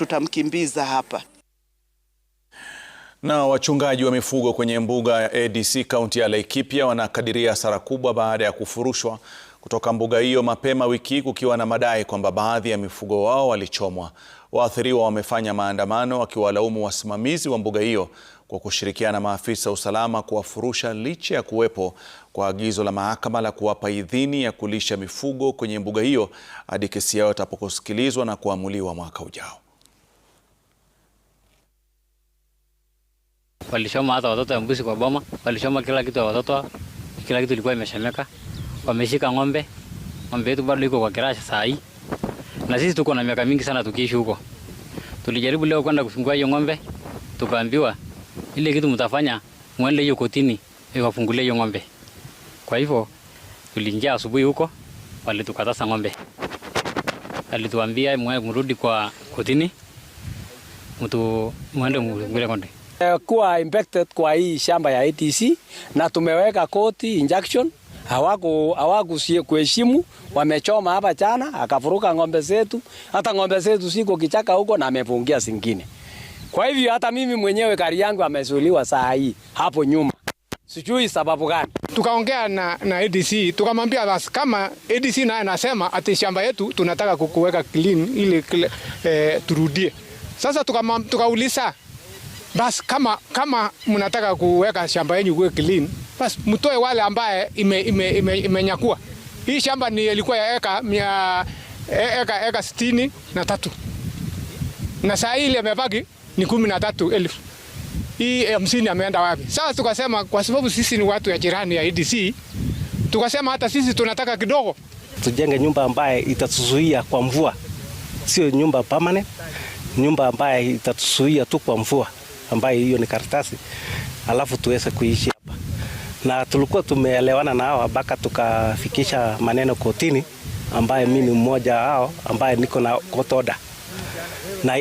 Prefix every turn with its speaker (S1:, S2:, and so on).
S1: tutamkimbiza hapa.
S2: Na wachungaji wa mifugo kwenye mbuga ya ADC kaunti ya Laikipia wanakadiria hasara kubwa baada ya kufurushwa kutoka mbuga hiyo mapema wiki hii kukiwa na madai kwamba baadhi ya mifugo wao walichomwa. Waathiriwa wamefanya maandamano wakiwalaumu wasimamizi wa mbuga hiyo kwa kushirikiana na maafisa usalama kuwafurusha licha ya kuwepo kwa agizo la mahakama la kuwapa idhini ya kulisha mifugo kwenye mbuga hiyo hadi kesi yao itapokusikilizwa na kuamuliwa mwaka ujao.
S3: Walichoma hata watoto ya mbuzi kwa boma, walichoma kila kitu ya watoto, kila kitu ilikuwa imeshemeka. Wameshika ng'ombe, ng'ombe yetu bado iko kwa kirasha saa hii, na sisi tuko na miaka mingi sana tukiishi huko. Tulijaribu leo kwenda kufungua hiyo ng'ombe, tukaambiwa ile kitu mtafanya, mwende hiyo kotini ikafungulia hiyo ng'ombe. Kwa hivyo tuliingia asubuhi huko, walitukatasa ng'ombe, alituambia mrudi kwa kotini mtu mwende mfungule ng'ombe.
S4: Eh, kuwa impacted kwa hii shamba ya ATC na tumeweka koti injunction hawaku hawaku kuheshimu, wamechoma hapa chana, akafuruka ng'ombe zetu. Hata ng'ombe zetu siko kichaka huko na amefungia zingine. Kwa hivyo hata mimi mwenyewe gari yangu amezuiliwa saa hii hapo nyuma, sijui sababu gani.
S5: Tukaongea na, na ADC tukamwambia, basi kama ADC naye anasema ati shamba yetu tunataka kukuweka clean ili eh, turudie sasa, tukamwambia tukauliza basi kama, kama mnataka kuweka shamba yenu kuwe clean, basi mtoe wale ambaye imenyakua ime, ime, ime hii shamba ni ilikuwa ya eka mia, e, eka, eka sitini na tatu na saa hii ile amebaki ni kumi na tatu elfu. Hii hamsini ameenda wapi? Sasa tukasema kwa sababu sisi ni watu ya jirani ya EDC, tukasema hata sisi tunataka kidogo,
S6: tujenge nyumba ambaye itatuzuia kwa mvua, sio nyumba permanent, nyumba ambaye itatuzuia tu kwa mvua ambayo hiyo ni karatasi, alafu tuweze kuishi hapa. Na tulikuwa tumeelewana na hao mpaka tukafikisha maneno kotini, ambaye mimi mmoja hao ambaye niko na kotoda na